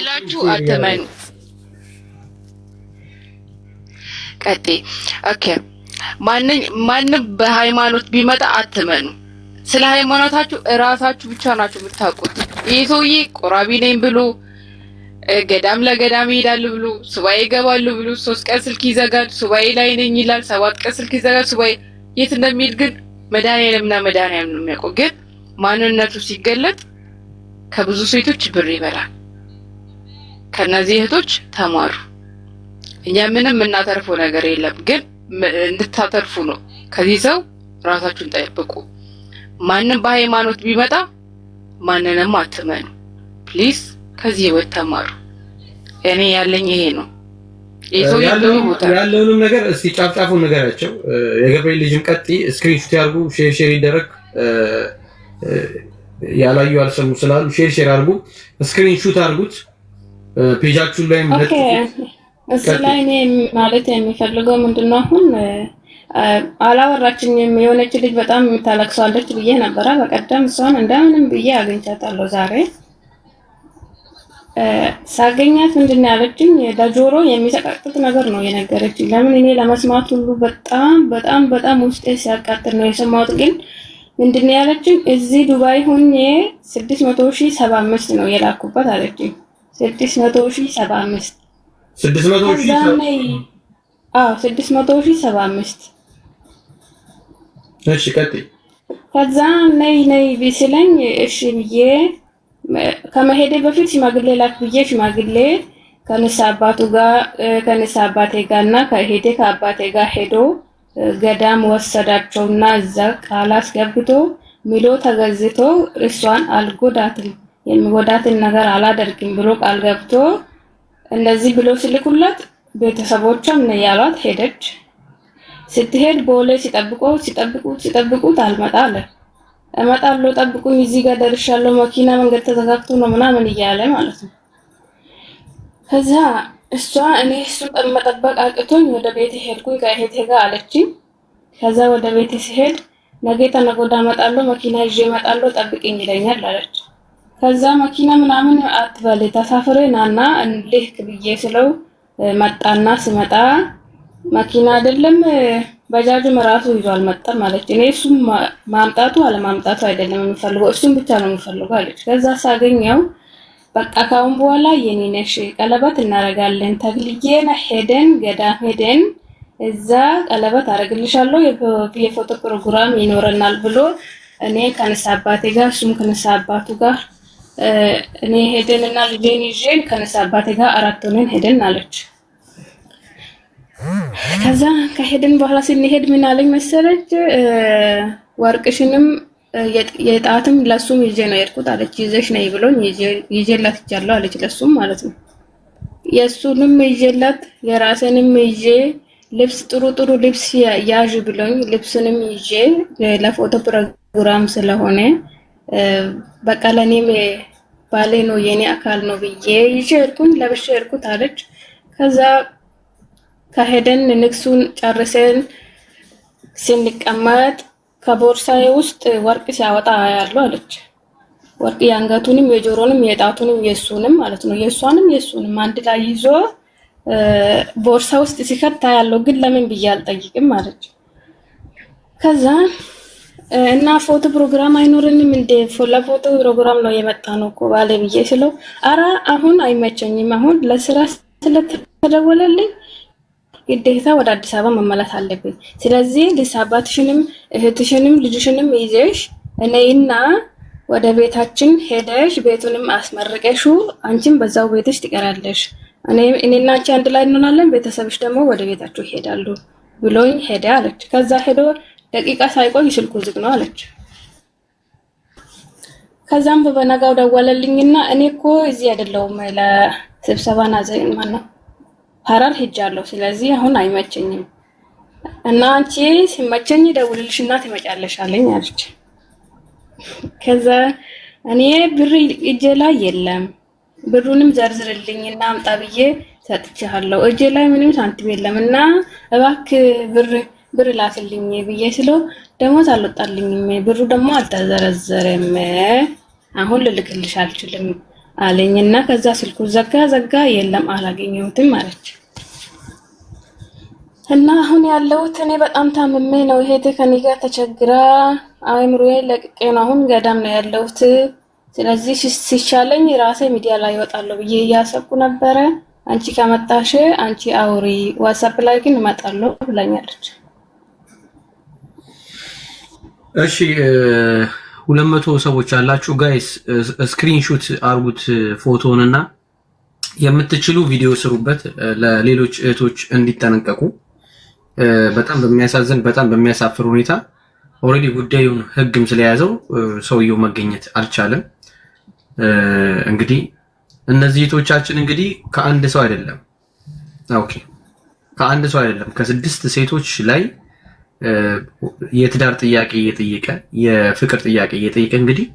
ሌላችሁ አልተመኑ ቀጤ ኦኬ። ማንም በሃይማኖት ቢመጣ አትመኑ። ስለ ሃይማኖታችሁ እራሳችሁ ብቻ ናችሁ የምታውቁት። ይህ ሰውዬ ቆራቢ ነኝ ብሎ ገዳም ለገዳም ይሄዳል ብሎ ሱባኤ ይገባሉ ብሎ ሶስት ቀን ስልክ ይዘጋል፣ ሱባኤ ላይ ነኝ ይላል፣ ሰባት ቀን ስልክ ይዘጋል። ሱባኤ የት እንደሚሄድ ግን መድኃኒዓለምና መድኃኒዓለም ነው የሚያውቀው። ግን ማንነቱ ሲገለጥ ከብዙ ሴቶች ብር ይበላል። ከነዚህ እህቶች ተማሩ። እኛ ምንም የምናተርፈው ነገር የለም፣ ግን እንድታተርፉ ነው። ከዚህ ሰው ራሳችሁን ጠብቁ። ማንም በሃይማኖት ቢመጣ ማንንም አትመኑ። ፕሊስ ከዚህ ህይወት ተማሩ። እኔ ያለኝ ይሄ ነው። ያለውንም ነገር እስቲ ጫፍጫፉን ነገራቸው። የገብርኤል ልጅም ቀጥ ስክሪንሾት ያርጉ፣ ሼር ሼር ይደረግ። ያላዩ አልሰሙ ስላሉ ሼር ሼር አርጉ፣ ስክሪንሹት አርጉት። ፔጃችሁ ላይ እሱ ላይ እኔ ማለት የሚፈልገው ምንድነው አሁን አላወራችኝም። የሆነች ልጅ በጣም የምታለቅሰዋለች ብዬ ነበረ በቀደም። እሷን እንደምንም ብዬ አግኝቻታለሁ ዛሬ ሳገኛት ምንድን ያለችኝ ለጆሮ የሚሰቃጥጥ ነገር ነው የነገረችኝ። ለምን እኔ ለመስማት ሁሉ በጣም በጣም በጣም ውስጤ ሲያቃጥል ነው የሰማሁት። ግን ምንድን ያለችኝ እዚህ ዱባይ ሁኜ ስድስት መቶ ሺህ ሰባ አምስት ነው የላኩበት አለችኝ። ስድስት መቶ ሺህ ሰባ አምስት ስድስት መቶ ሺህ ሰባ አምስት እሺ ቀጥይ። ከዛ ነይ ነይ ቢስለኝ እሺ ብዬ ከመሄዴ በፊት ሽማግሌ ላክ ብዬ ሽማግሌ ከንሳ አባቱ ጋር ከንሳ አባቴ ጋር እና ከሄዴ ከአባቴ ጋር ሄዶ ገዳም ወሰዳቸውና እዛ ቃል አስገብቶ ምሎ ተገዝቶ እሷን አልጎዳትም የሚጎዳትን ነገር አላደርግም ብሎ ቃል ገብቶ እንደዚህ ብሎ ሲልኩላት ቤተሰቦቿም ያሏት ሄደች። ስትሄድ ቦሌ ሲጠብቆ ሲጠብቁት ሲጠብቁት አልመጣ አለ። እመጣለሁ ጠብቁኝ፣ እዚህ ጋር ደርሻለሁ፣ መኪና መንገድ ተዘጋግቶ ነው ምናምን እያለ ማለት ነው። ከዛ እሷ እኔ እሱ መጠበቅ አቅቶኝ ወደ ቤት ሄድኩኝ ከእህቴ ጋር አለችኝ። ከዛ ወደ ቤት ሲሄድ ነገ ተነገ ወዲያ እመጣለሁ፣ መኪና ይዤ እመጣለሁ፣ ጠብቅኝ ይለኛል አለች። ከዛ መኪና ምናምን አትበል ተሳፍሬ ናና እንዴት ብዬ ስለው መጣና ስመጣ መኪና አይደለም በጃጅም ራሱ ይዟል መጣ ማለች። እኔ እሱም ማምጣቱ አለማምጣቱ አይደለም የምፈልገው እሱም ብቻ ነው የምፈልገው አለች። ከዛ ሳገኘው በቃ ካሁን በኋላ የኔ ነሽ ቀለበት እናረጋለን ተክልዬና ሄደን ገዳም ሄደን እዛ ቀለበት አረግልሻለሁ የፎቶ ፕሮግራም ይኖረናል ብሎ እኔ ከነሳ አባቴ ጋር እሱም ከነሳ አባቱ ጋር እኔ ሄደን እና ልጄን ይዤን ከነሳ አባቴ ጋር አራት ሆነን ሄደን አለች። ከዛ ከሄደን በኋላ ስንሄድ ምን አለኝ መሰለች፣ ወርቅሽንም የጣትም ለሱም ይዤ ነው የሄድኩት አለች። ይዘሽ ነይ ብሎኝ ይዤላት ይቻለሁ አለች፣ ለሱም ማለት ነው። የእሱንም ይዤላት የራሴንም ይዤ ልብስ ጥሩ ጥሩ ልብስ ያዥ ብሎኝ ልብስንም ይዤ ለፎቶ ፕሮግራም ስለሆነ በቃ ለእኔም ባሌ ነው የኔ አካል ነው ብዬ ይዤ ሄድኩኝ፣ ለብሼ ሄድኩት አለች። ከዛ ከሄደን ንግሱን ጨርሰን ስንቀመጥ ከቦርሳዬ ውስጥ ወርቅ ሲያወጣ ያለው አለች። ወርቅ የአንገቱንም፣ የጆሮንም፣ የጣቱንም፣ የሱንም ማለት ነው የእሷንም የሱንም አንድ ላይ ይዞ ቦርሳ ውስጥ ሲከታ ያለው ግን ለምን ብዬ አልጠይቅም አለች። ከዛ እና ፎቶ ፕሮግራም አይኖርንም እንደ ለፎቶ ፕሮግራም ነው የመጣ ነው እኮ ባለ ብዬ ስለው፣ አረ አሁን አይመቸኝም፣ አሁን ለስራ ስለተደወለልኝ ግዴታ ወደ አዲስ አበባ መመለስ አለብኝ። ስለዚህ ልስ አባትሽንም እህትሽንም ልጅሽንም ይዘሽ እኔና ወደ ቤታችን ሄደሽ ቤቱንም አስመርቀሹ፣ አንቺም በዛው ቤትሽ ትቀራለሽ፣ እኔና አንቺ አንድ ላይ እንሆናለን፣ ቤተሰብሽ ደግሞ ወደ ቤታችሁ ይሄዳሉ ብሎኝ ሄደ አለች። ከዛ ሄዶ ደቂቃ ሳይቆይ ስልኩ ዝግ ነው አለች። ከዛም በበነጋው ደወለልኝና እኔ እኮ እዚህ አይደለሁም ለስብሰባ ናዘኝ ነው ሐረር ሄጃለሁ፣ ስለዚህ አሁን አይመቸኝም እና አንቺ ሲመቸኝ ደውልልሽና ትመጫለሽ አለኝ አለች። ከዛ እኔ ብር እጄ ላይ የለም ብሩንም ዘርዝርልኝና አምጣ ብዬ ሰጥቼሃለሁ እጄ ላይ ምንም ሳንቲም የለም እና እባክ ብር ብር ላክልኝ ብዬ ስለው ደሞዝ አልወጣልኝም፣ ብሩ ደግሞ አልተዘረዘረም፣ አሁን ልልክልሽ አልችልም አለኝና ከዛ ስልኩ ዘጋ ዘጋ የለም አላገኘሁትም አለች። እና አሁን ያለሁት እኔ በጣም ታምሜ ነው። ይሄ ከኔ ጋር ተቸግራ አእምሮዬ ለቅቄ ነው። አሁን ገዳም ነው ያለሁት። ስለዚህ ሲሻለኝ ራሴ ሚዲያ ላይ ይወጣለሁ ብዬ እያሰብኩ ነበረ። አንቺ ከመጣሽ አንቺ አውሪ፣ ዋትሳፕ ላይ ግን እመጣለሁ ብላኛለች። እሺ ሁለት መቶ ሰዎች ያላችሁ ጋይስ ስክሪንሹት አርጉት ፎቶንና የምትችሉ ቪዲዮ ስሩበት ለሌሎች እህቶች እንዲጠነቀቁ። በጣም በሚያሳዝን በጣም በሚያሳፍር ሁኔታ ኦልሬዲ ጉዳዩን ህግም ስለያዘው ሰውየው መገኘት አልቻለም። እንግዲህ እነዚህ እህቶቻችን እንግዲህ ከአንድ ሰው አይደለም ኦኬ፣ ከአንድ ሰው አይደለም ከስድስት ሴቶች ላይ የትዳር ጥያቄ እየጠየቀ የፍቅር ጥያቄ እየጠየቀ እንግዲህ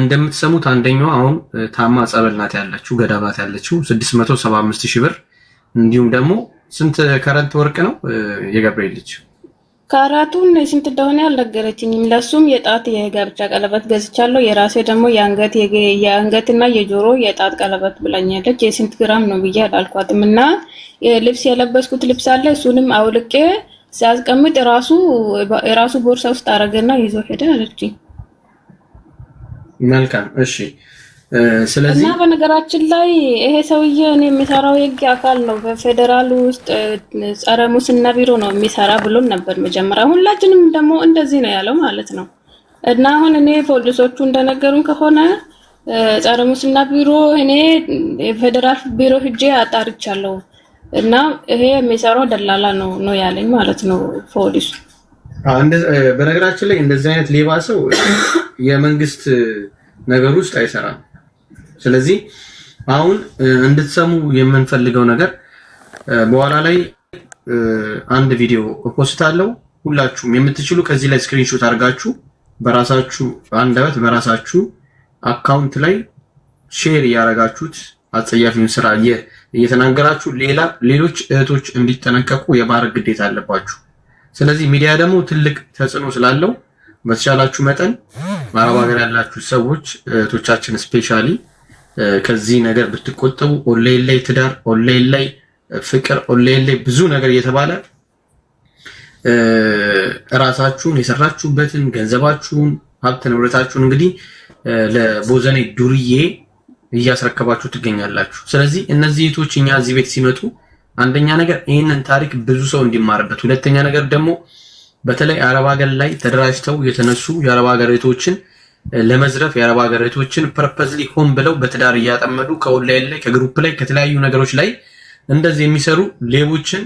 እንደምትሰሙት አንደኛው አሁን ታማ ጸበል ናት ያለችው ገዳም ናት ያለችው 675 ሺህ ብር እንዲሁም ደግሞ ስንት ከረንት ወርቅ ነው የገብርኤል ልጅ ከአራቱን ስንት እንደሆነ አልነገረችኝም። ለሱም የጣት የጋብቻ ቀለበት ገዝቻለሁ። የራሴ ደግሞ የአንገት የአንገትና የጆሮ የጣት ቀለበት ብላኛለች። የስንት ግራም ነው ብዬ አላልኳትም። እና ልብስ የለበስኩት ልብስ አለ እሱንም አውልቄ ሲያስቀምጥ ራሱ የራሱ ቦርሳ ውስጥ አረገና ይዞ ሄደ አለች። መልካም እሺ። ስለዚህ እና በነገራችን ላይ ይሄ ሰውዬ እኔ የሚሰራው የህግ አካል ነው፣ በፌዴራል ውስጥ ጸረ ሙስና ቢሮ ነው የሚሰራ ብሎን ነበር መጀመሪያ። ሁላችንም ደግሞ እንደዚህ ነው ያለው ማለት ነው። እና አሁን እኔ ፖሊሶቹ እንደነገሩን ከሆነ ጸረ ሙስና ቢሮ እኔ የፌዴራል ቢሮ ሂጄ አጣርቻለሁ እና ይሄ የሚሰራው ደላላ ነው ነው ያለኝ ማለት ነው ፖሊሱ። በነገራችን ላይ እንደዚህ አይነት ሌባ ሰው የመንግስት ነገር ውስጥ አይሰራም። ስለዚህ አሁን እንድትሰሙ የምንፈልገው ነገር በኋላ ላይ አንድ ቪዲዮ ፖስት አለው። ሁላችሁም የምትችሉ ከዚህ ላይ ስክሪንሾት አድርጋችሁ በራሳችሁ አንደበት በራሳችሁ አካውንት ላይ ሼር እያደረጋችሁት አጸያፊውን ስራ እየተናገራችሁ ሌላ ሌሎች እህቶች እንዲጠነቀቁ የማድረግ ግዴታ አለባችሁ። ስለዚህ ሚዲያ ደግሞ ትልቅ ተጽዕኖ ስላለው በተቻላችሁ መጠን በአረብ ሀገር ያላችሁ ሰዎች እህቶቻችን ስፔሻሊ ከዚህ ነገር ብትቆጠቡ። ኦንላይን ላይ ትዳር፣ ኦንላይን ላይ ፍቅር፣ ኦንላይን ላይ ብዙ ነገር እየተባለ እራሳችሁን የሰራችሁበትን ገንዘባችሁን ሀብት ንብረታችሁን እንግዲህ ለቦዘኔ ዱርዬ እያስረከባችሁ ትገኛላችሁ። ስለዚህ እነዚህ እህቶች እኛ እዚህ ቤት ሲመጡ አንደኛ ነገር ይህንን ታሪክ ብዙ ሰው እንዲማርበት፣ ሁለተኛ ነገር ደግሞ በተለይ አረብ ሀገር ላይ ተደራጅተው የተነሱ የአረብ ሀገር እህቶችን ለመዝረፍ የአረብ ሀገር እህቶችን ፐርፐዝሊ ሆን ብለው በትዳር እያጠመዱ ከኦንላይን ላይ ከግሩፕ ላይ ከተለያዩ ነገሮች ላይ እንደዚህ የሚሰሩ ሌቦችን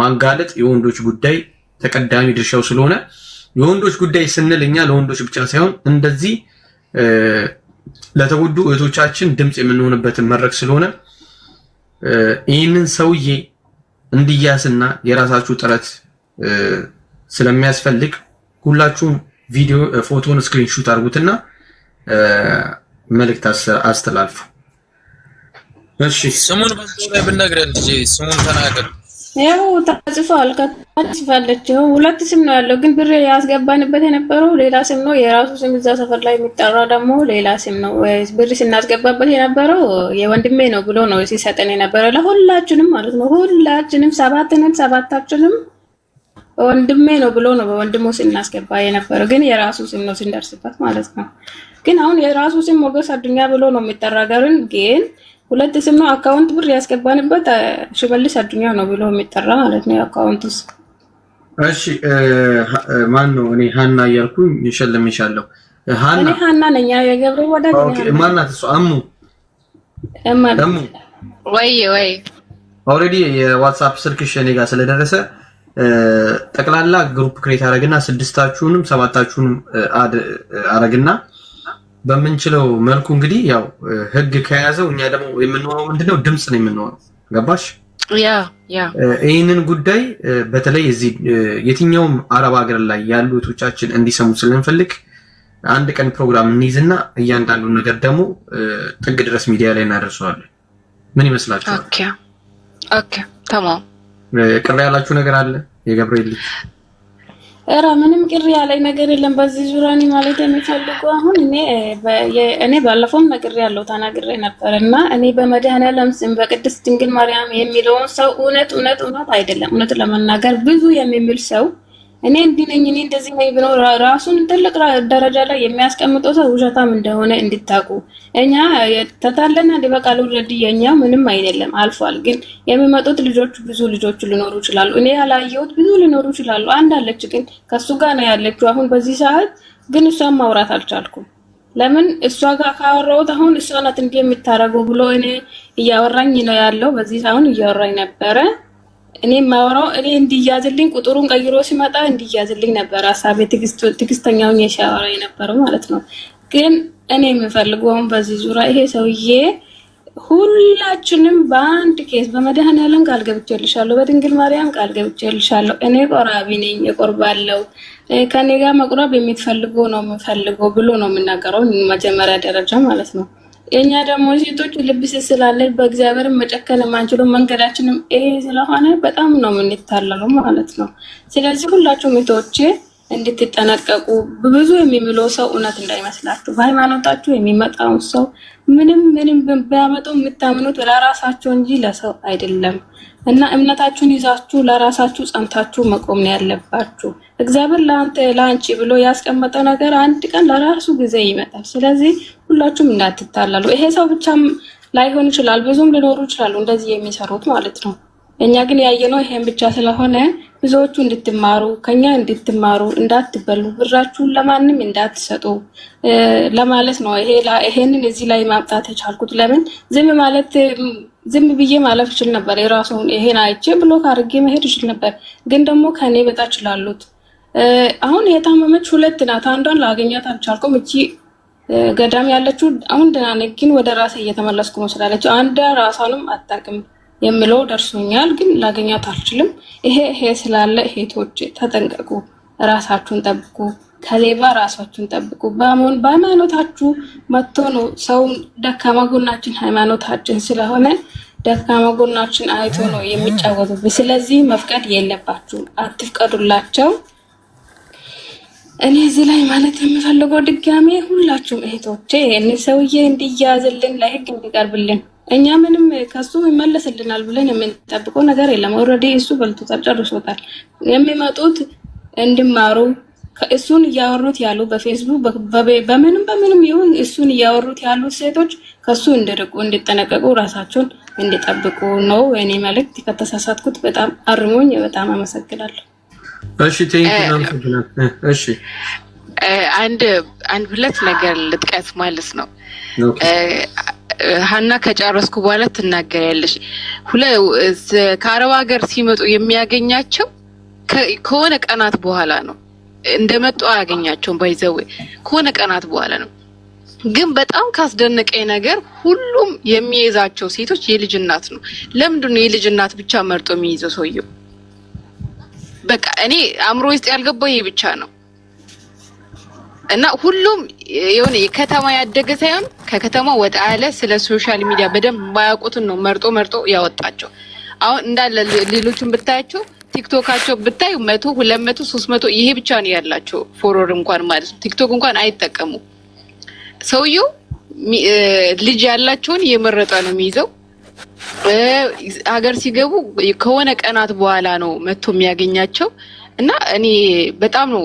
ማጋለጥ የወንዶች ጉዳይ ተቀዳሚ ድርሻው ስለሆነ የወንዶች ጉዳይ ስንል እኛ ለወንዶች ብቻ ሳይሆን እንደዚህ ለተጎዱ እህቶቻችን ድምፅ የምንሆንበትን መድረክ ስለሆነ ይህንን ሰውዬ እንዲያስና የራሳችሁ ጥረት ስለሚያስፈልግ ሁላችሁም ቪዲዮ ፎቶን ስክሪንሹት አድርጉትና መልእክት አስተላልፉ። እሺ ስሙን ብነግረን ስሙን ተናገር። ያው ተጽፏል። ከታጽፋለች ሁለት ስም ነው ያለው፣ ግን ብር ያስገባንበት የነበረው ሌላ ስም ነው። የራሱ ስም እዛ ሰፈር ላይ የሚጠራ ደግሞ ሌላ ስም ነው። ብር ስናስገባበት የነበረው የወንድሜ ነው ብሎ ነው ሲሰጠን የነበረ ለሁላችንም ማለት ነው። ሁላችንም ሰባት ነን። ሰባታችንም ወንድሜ ነው ብሎ ነው በወንድሙ ስናስገባ የነበረው፣ ግን የራሱ ስም ነው ስንደርስበት ማለት ነው። ግን አሁን የራሱ ስም ሞገስ አዱኛ ብሎ ነው የሚጠራ ገርን ግን ሁለት ስም ነው አካውንት ብር ያስገባንበት ሽመልስ አዱኛ ነው ብሎ የሚጠራ ማለት ነው አካውንት ውስጥ። እሺ ማን ነው? እኔ ሀና እያልኩኝ እሸልምሻለሁ። እኔ ሀና ነኝ። የገብረ ወዳጅ ማናት? እሱ አሙ አሙ ወይ ወይ ኦልሬዲ የዋትስአፕ ስልክሽ እኔ ጋር ስለደረሰ ጠቅላላ ግሩፕ ክሬት አረግና ስድስታችሁንም ሰባታችሁንም አድ አረግና በምንችለው መልኩ እንግዲህ ያው ህግ ከያዘው እኛ ደግሞ የምንሆነው ምንድነው ድምፅ ነው የምንሆነው። ገባሽ? ይህንን ጉዳይ በተለይ እዚህ የትኛውም አረብ ሀገር ላይ ያሉ እህቶቻችን እንዲሰሙ ስለንፈልግ አንድ ቀን ፕሮግራም እንይዝና እያንዳንዱ ነገር ደግሞ ጥግ ድረስ ሚዲያ ላይ እናደርሰዋለን። ምን ይመስላችኋል? ተማም ቅር ያላችሁ ነገር አለ የገብርኤል ኧረ ምንም ቅር ያለኝ ነገር የለም በዚህ ዙሪያ እኔ ማለት የሚፈልጉ አሁን እኔ ባለፈውም ነግሬ ያለው ተናግሬ ነበር እና እኔ በመድኃኔዓለም ስም በቅድስት ድንግል ማርያም የሚለውን ሰው እውነት እውነት እውነት አይደለም እውነት ለመናገር ብዙ የሚምል ሰው እኔ እንዲህ ነኝ እኔ እንደዚህ ነኝ ብሎ ራሱን ትልቅ ደረጃ ላይ የሚያስቀምጠው ሰው ውሸታም እንደሆነ እንድታቁ። እኛ ተታለና ሊበቃ ልውለድ የኛ ምንም አይደለም አልፏል። ግን የሚመጡት ልጆች ብዙ ልጆች ሊኖሩ ይችላሉ። እኔ ያላየሁት ብዙ ሊኖሩ ይችላሉ። አንድ አለች ግን ከሱ ጋር ነው ያለችው አሁን በዚህ ሰዓት። ግን እሷን ማውራት አልቻልኩም። ለምን እሷ ጋር ካወራሁት አሁን እሷ ናት እንዲህ የምታረገው ብሎ እኔ እያወራኝ ነው ያለው። በዚህ አሁን እያወራኝ ነበረ እኔ የማወራው እኔ እንዲያዝልኝ ቁጥሩን ቀይሮ ሲመጣ እንዲያዝልኝ ነበር ሀሳቤ። ትግስተኛውን የሻወራ የነበረው ማለት ነው። ግን እኔ የምፈልገው አሁን በዚህ ዙራ ይሄ ሰውዬ ሁላችንም በአንድ ኬስ በመድኃኔዓለም ቃል ገብቼልሻለሁ፣ በድንግል ማርያም ቃል ገብቼልሻለሁ። እኔ ቆራቢ ነኝ፣ እቆርባለሁ። ከኔ ጋር መቁረብ የምትፈልገው ነው የምፈልገው ብሎ ነው የምናገረው መጀመሪያ ደረጃ ማለት ነው። የእኛ ደግሞ ሴቶች ልብስ ስላለን በእግዚአብሔር መጨከል ማንችሉ መንገዳችንም ይሄ ስለሆነ በጣም ነው የምንታለሉ ማለት ነው። ስለዚህ ሁላችሁም ሴቶቼ እንድትጠነቀቁ ብዙ የሚምለው ሰው እውነት እንዳይመስላችሁ። በሃይማኖታችሁ የሚመጣው ሰው ምንም ምንም ቢያመጡ የምታምኑት ለራሳቸው እንጂ ለሰው አይደለም እና እምነታችሁን ይዛችሁ ለራሳችሁ ጸንታችሁ መቆም ነው ያለባችሁ። እግዚአብሔር ለአንተ ለአንቺ ብሎ ያስቀመጠው ነገር አንድ ቀን ለራሱ ጊዜ ይመጣል። ስለዚህ ሁላችሁም እንዳትታላሉ። ይሄ ሰው ብቻም ላይሆን ይችላል፣ ብዙም ሊኖሩ ይችላሉ እንደዚህ የሚሰሩት ማለት ነው። እኛ ግን ያየነው ይሄን ብቻ ስለሆነ ብዙዎቹ እንድትማሩ ከኛ እንድትማሩ እንዳትበሉ ብራችሁን ለማንም እንዳትሰጡ ለማለት ነው። ይሄንን እዚህ ላይ ማምጣት የቻልኩት ለምን ዝም ማለት ዝም ብዬ ማለፍ ይችል ነበር። የራሱን ይሄን አይቼ ብሎክ አድርጌ መሄድ ይችል ነበር። ግን ደግሞ ከኔ በታች ላሉት አሁን የታመመች ሁለት ናት። አንዷን ላገኛት አልቻልኩም። እቺ ገዳም ያለችው አሁን ደህና ነኝ፣ ግን ወደ ራሴ እየተመለስኩ መስላለች። አንዷ ራሷንም አታውቅም። የሚለው ደርሶኛል፣ ግን ላገኛት አልችልም። ይሄ ይሄ ስላለ እህቶች ተጠንቀቁ፣ ራሳችሁን ጠብቁ፣ ከሌባ ራሳችሁን ጠብቁ። በሃይማኖታችሁ መጥቶ ነው ሰው ደካማ ጎናችን ሃይማኖታችን ስለሆነ ደካማ ጎናችን አይቶ ነው የሚጫወቱብን። ስለዚህ መፍቀድ የለባችሁም፣ አትፍቀዱላቸው። እኔ እዚህ ላይ ማለት የምፈልገው ድጋሜ ሁላችሁም እህቶቼ ይህን ሰውዬ እንዲያዝልን ለህግ እንዲቀርብልን እኛ ምንም ከሱ ይመለስልናል ብለን የምንጠብቀው ነገር የለም። ኦልሬዲ እሱ በልቶታል፣ ጨርሶታል። የሚመጡት እንዲማሩ እሱን እያወሩት ያሉ በፌስቡክ በምንም በምንም ይሁን እሱን እያወሩት ያሉ ሴቶች ከሱ እንድርቁ እንድጠነቀቁ ራሳቸውን እንዲጠብቁ ነው እኔ መልእክት። ከተሳሳትኩት በጣም አርሞኝ፣ በጣም አመሰግናለሁ። እሺ እሺ አንድ አንድ ሁለት ነገር ልጥቀት ማለት ነው ሀና ከጨረስኩ በኋላ ትናገሪያለሽ። ከአረብ ሀገር ሲመጡ የሚያገኛቸው ከሆነ ቀናት በኋላ ነው። እንደመጡ አያገኛቸውም። ባይዘዌ ከሆነ ቀናት በኋላ ነው። ግን በጣም ካስደነቀኝ ነገር ሁሉም የሚይዛቸው ሴቶች የልጅ እናት ነው። ለምንድን ነው የልጅ እናት ብቻ መርጦ የሚይዘው ሰውየው? በቃ እኔ አእምሮ ውስጥ ያልገባው ይሄ ብቻ ነው። እና ሁሉም የሆነ የከተማ ያደገ ሳይሆን ከከተማ ወጣ ያለ ስለ ሶሻል ሚዲያ በደንብ የማያውቁትን ነው መርጦ መርጦ ያወጣቸው። አሁን እንዳለ ሌሎቹን ብታያቸው ቲክቶካቸው ብታይ መቶ ሁለት መቶ ሶስት መቶ ይሄ ብቻ ነው ያላቸው ፎሮር እንኳን ማለት ነው። ቲክቶክ እንኳን አይጠቀሙ። ሰውየው ልጅ ያላቸውን የመረጠ ነው የሚይዘው። ሀገር ሲገቡ ከሆነ ቀናት በኋላ ነው መቶ የሚያገኛቸው። እና እኔ በጣም ነው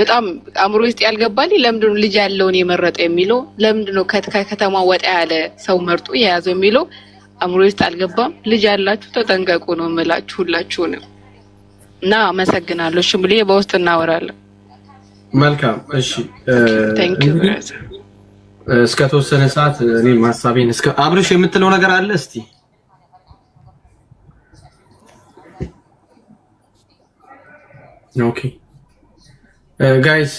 በጣም አእምሮ ውስጥ ያልገባልኝ ለምንድን ነው ልጅ ያለውን የመረጠ የሚለው ለምንድን ነው ከከተማ ወጣ ያለ ሰው መርጦ የያዘው የሚለው አእምሮ ውስጥ አልገባም። ልጅ ያላችሁ ተጠንቀቁ ነው የምላችሁ ሁላችሁንም። እና አመሰግናለሁ። እሺ ብዬ በውስጥ እናወራለን። መልካም እሺ። እስከ ተወሰነ ሰዓት እኔ ማሳቤን እስከ አብርሽ የምትለው ነገር አለ እስቲ ኦኬ ጋይስ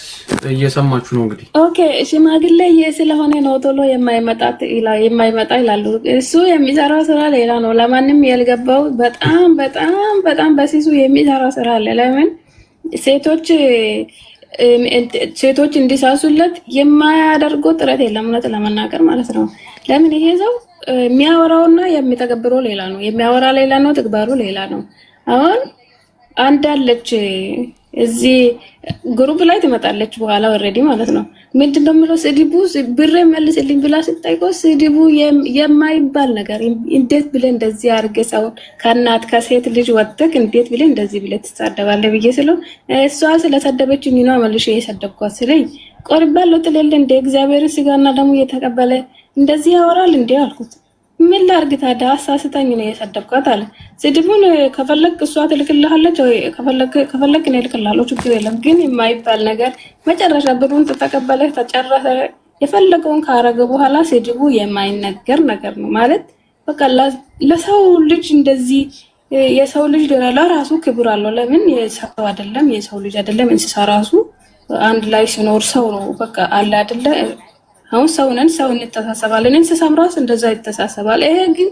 እየሰማችሁ ነው እንግዲህ። ኦኬ ሽማግሌ ስለሆነ ነው ቶሎ የማይመጣ ይላሉ። እሱ የሚሰራ ስራ ሌላ ነው። ለማንም ያልገባው በጣም በጣም በጣም በሲሱ የሚሰራ ስራ አለ። ለምን ሴቶች ሴቶች እንዲሳሱለት የማያደርጉ ጥረት የለም። እውነት ለመናገር ማለት ነው። ለምን ይሄ ሰው የሚያወራውና የሚተገብረው ሌላ ነው። የሚያወራ ሌላ ነው፣ ትግባሩ ሌላ ነው። አሁን አንዳለች እዚህ ግሩፕ ላይ ትመጣለች በኋላ ወረዲ ማለት ነው። ምንድን ነው የምለው ስድቡ ብሬ መልስልኝ ብላ ስጠይቀው ስድቡ የማይባል ነገር እንዴት ብለ እንደዚህ አርገ ሰውን ከእናት ከሴት ልጅ ወጥተክ እንዴት ብለ እንደዚህ ብለ ትሳደባለ ብዬ ስለው እሷ ስለሰደበች ሚኗ መልሽ የሰደብኳት ስለኝ ቆርባለሁ ትልል እንደ እግዚአብሔር ስጋና ደግሞ እየተቀበለ እንደዚህ ያወራል እንዴ አልኩት። ምን ላርግ ታዲያ አሳስተኝ ነው የሰደብኳት አለ። ስድቡን ከፈለግ እሷ ትልክልሃለች፣ ወይ ከፈለግ እኔ እልክልሃለሁ፣ ችግር የለም። ግን የማይባል ነገር መጨረሻ ብሩን ተቀበለህ ተጨረሰ። የፈለገውን ካረገ በኋላ ስድቡ የማይነገር ነገር ነው ማለት በቃ ለሰው ልጅ እንደዚህ የሰው ልጅ ለራሱ ክብር አለው። ለምን የሰው አይደለም የሰው ልጅ አይደለም እንስሳ ራሱ አንድ ላይ ሲኖር ሰው ነው በቃ አለ አይደለ አሁን ሰውነን ሰው እንተሳሰባለን፣ እንስሳም ራስ እንደዛ ይተሳሰባል። ይሄ ግን